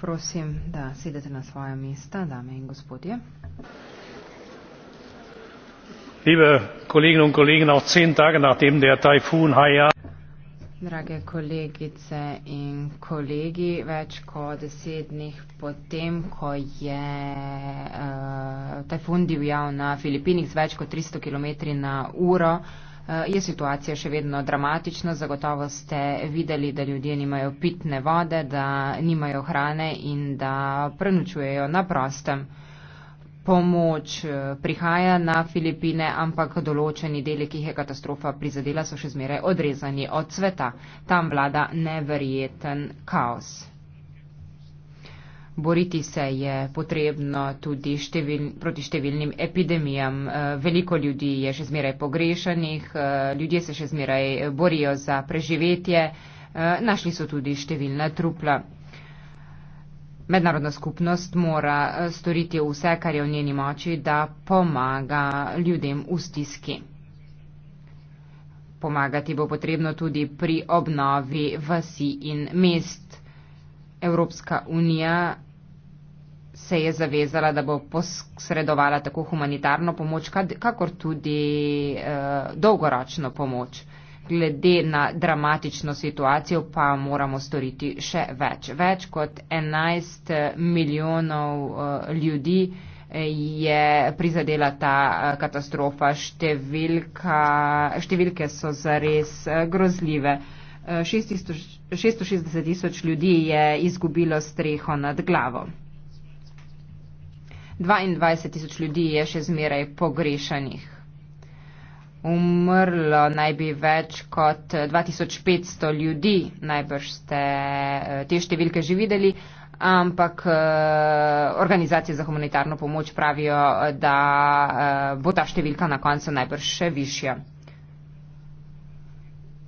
Prosim, da sedete na svoje mesta, dame in gospodje. Liebe Kolleginnen und Kollegen, auch zehn Tage nachdem der Taifun Haiyan Drage kolegice in kolegi, več kot deset dni potem, ko je uh, eh, tajfun divjal na Filipinih z več kot 300 km na uro, uh, Eh, je situacija še vedno dramatična. Zagotovo ste videli, da ljudje nimajo pitne vode, da nimajo hrane in da prenučujejo na prostem. Pomoč eh, prihaja na Filipine, ampak določeni deli, ki jih je katastrofa prizadela, so še zmeraj odrezani od sveta. Tam vlada neverjeten kaos. Boriti se je potrebno tudi števil, proti številnim epidemijam. Eh, veliko ljudi je še zmeraj pogrešanih, eh, ljudje se še zmeraj eh, borijo za preživetje, našli so tudi številna trupla. Mednarodna skupnost mora storiti vse, kar je v njeni moči, da pomaga ljudem v stiski. Pomagati bo potrebno tudi pri obnovi vasi in mest. Evropska unija se je zavezala, da bo posredovala tako humanitarno pomoč, kakor tudi eh, dolgoročno pomoč. Glede na dramatično situacijo pa moramo storiti še več. Več kot 11 eh, milijonov eh, ljudi eh, je prizadela ta eh, katastrofa. Številka, številke so zares grozljive. 600, 660 tisoč ljudi je izgubilo streho nad glavo. 22 tisoč ljudi je še zmeraj pogrešanih. Umrlo naj bi več kot 2500 ljudi, najbrž ste eh, te številke že videli, ampak eh, organizacije za humanitarno pomoč pravijo, da eh, bo ta številka na koncu najbrž še višja.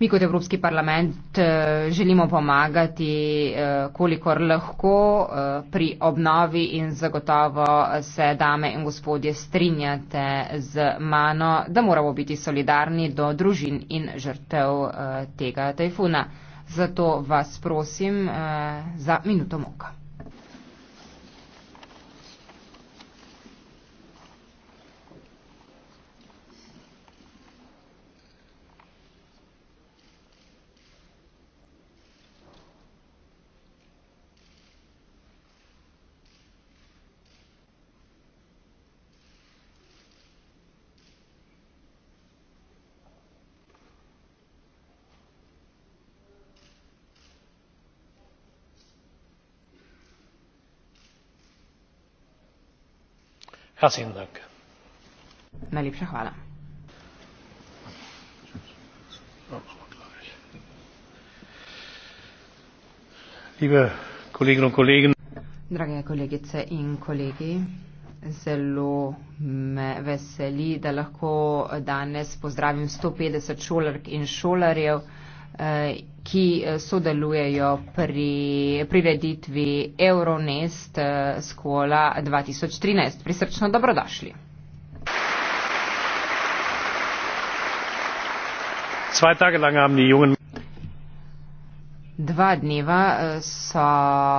Mi kot Evropski parlament eh, želimo pomagati, eh, kolikor lahko, eh, pri obnovi in zagotovo se dame in gospodje strinjate z mano, da moramo biti solidarni do družin in žrtev tega tajfuna. Zato vas prosim za minuto moka. Herzlichen Dank. Najlepša hvala. Drage kolegice in kolegi, zelo me veseli, da lahko danes pozdravim 150 šolark in šolarjev. Eh, ki eh, sodelujejo pri prireditvi Euronest eh, Skola 2013. Prisrčno dobrodošli. Dva dneva so.